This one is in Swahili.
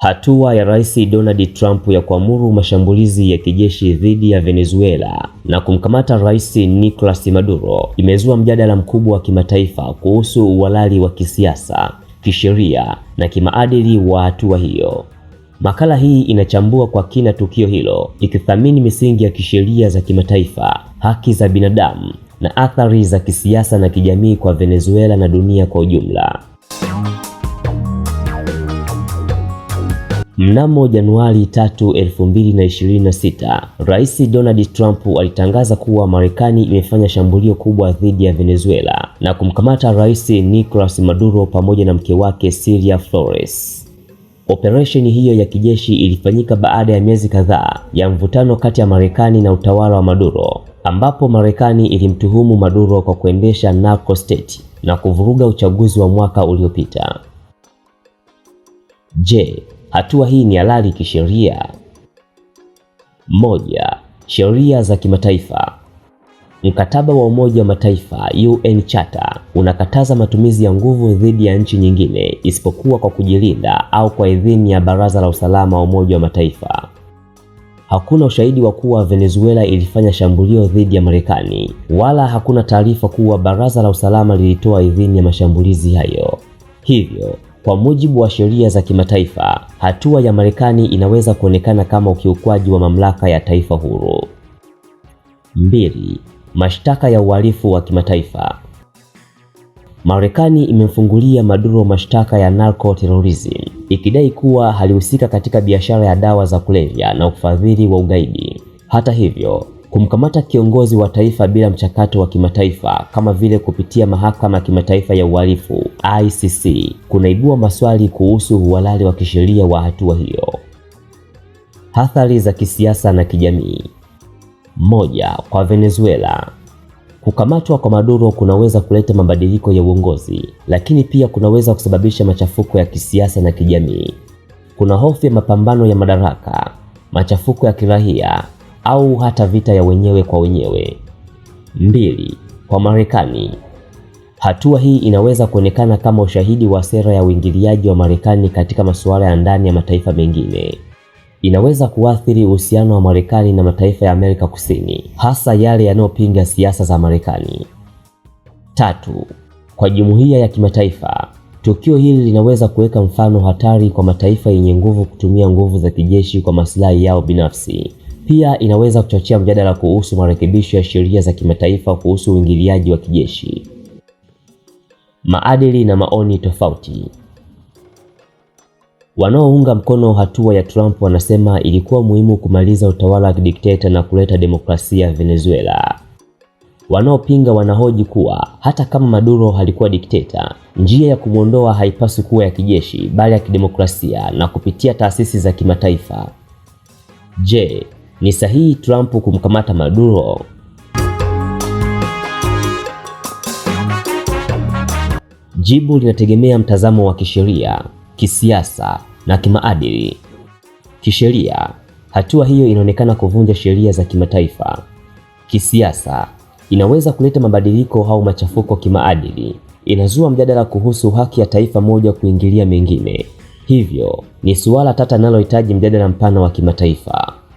Hatua ya Rais Donald Trump ya kuamuru mashambulizi ya kijeshi dhidi ya Venezuela na kumkamata Rais Nicolas Maduro imezua mjadala mkubwa wa kimataifa kuhusu uhalali wa kisiasa, kisheria na kimaadili wa hatua hiyo. Makala hii inachambua kwa kina tukio hilo, ikithamini misingi ya kisheria za kimataifa, haki za binadamu na athari za kisiasa na kijamii kwa Venezuela na dunia kwa ujumla. Mnamo Januari 3, 2026, Rais Donald Trump alitangaza kuwa Marekani imefanya shambulio kubwa dhidi ya Venezuela na kumkamata Rais Nicolas Maduro pamoja na mke wake Celia Flores. Operesheni hiyo ya kijeshi ilifanyika baada ya miezi kadhaa ya mvutano kati ya Marekani na utawala wa Maduro, ambapo Marekani ilimtuhumu Maduro kwa kuendesha narco state na kuvuruga uchaguzi wa mwaka uliopita. Je, Hatua hii ni halali kisheria. Moja, sheria za kimataifa. Mkataba wa Umoja wa Mataifa UN Charter unakataza matumizi ya nguvu dhidi ya nchi nyingine isipokuwa kwa kujilinda au kwa idhini ya Baraza la Usalama wa Umoja wa Mataifa. Hakuna ushahidi wa kuwa Venezuela ilifanya shambulio dhidi ya Marekani wala hakuna taarifa kuwa Baraza la Usalama lilitoa idhini ya mashambulizi hayo. Hivyo kwa mujibu wa sheria za kimataifa, hatua ya Marekani inaweza kuonekana kama ukiukwaji wa mamlaka ya taifa huru. Mbili, mashtaka ya uhalifu wa kimataifa. Marekani imemfungulia Maduro mashtaka ya narco terrorism ikidai kuwa alihusika katika biashara ya dawa za kulevya na ufadhili wa ugaidi. Hata hivyo, Kumkamata kiongozi wa taifa bila mchakato wa kimataifa kama vile kupitia mahakama ya kimataifa ya uhalifu ICC kunaibua maswali kuhusu uhalali wa kisheria wa hatua hiyo. Athari za kisiasa na kijamii. Moja, kwa Venezuela. Kukamatwa kwa Maduro kunaweza kuleta mabadiliko ya uongozi, lakini pia kunaweza kusababisha machafuko ya kisiasa na kijamii. Kuna hofu ya mapambano ya madaraka, machafuko ya kiraia au hata vita ya wenyewe kwa wenyewe. Mbili, kwa Marekani. Hatua hii inaweza kuonekana kama ushahidi wa sera ya uingiliaji wa Marekani katika masuala ya ndani ya mataifa mengine. Inaweza kuathiri uhusiano wa Marekani na mataifa ya Amerika Kusini, hasa yale yanayopinga siasa za Marekani. Tatu, kwa jumuiya ya kimataifa. Tukio hili linaweza kuweka mfano hatari kwa mataifa yenye nguvu kutumia nguvu za kijeshi kwa maslahi yao binafsi, pia inaweza kuchochea mjadala kuhusu marekebisho ya sheria za kimataifa kuhusu uingiliaji wa kijeshi. Maadili na maoni tofauti. Wanaounga mkono hatua ya Trump wanasema ilikuwa muhimu kumaliza utawala wa kidikteta na kuleta demokrasia Venezuela. Wanaopinga wanahoji kuwa hata kama Maduro halikuwa dikteta, njia ya kumwondoa haipaswi kuwa ya kijeshi bali ya kidemokrasia na kupitia taasisi za kimataifa. Je, ni sahihi Trump kumkamata Maduro. Jibu linategemea mtazamo wa kisheria, kisiasa na kimaadili. Kisheria, hatua hiyo inaonekana kuvunja sheria za kimataifa. Kisiasa, inaweza kuleta mabadiliko au machafuko. Kimaadili, inazua mjadala kuhusu haki ya taifa moja kuingilia mengine. Hivyo ni suala tata linalohitaji mjadala mpana wa kimataifa.